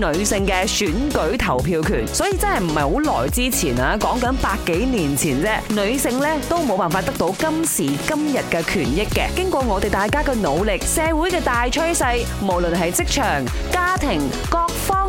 女性嘅選舉投票權，所以真係唔係好耐之前啊，講緊百幾年前啫，女性呢都冇辦法得到今時今日嘅權益嘅。經過我哋大家嘅努力，社會嘅大趨勢，無論係職場、家庭各方。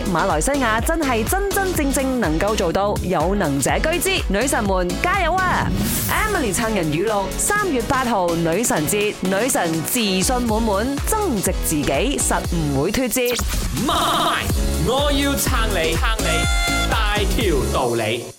馬來西亞真係真真正正能夠做到有能者居之，女神們加油啊！Emily 撐人語錄，三月八號女神節，女神自信滿滿，增值自己實唔會脫節。我要撐你撐你，大條道理。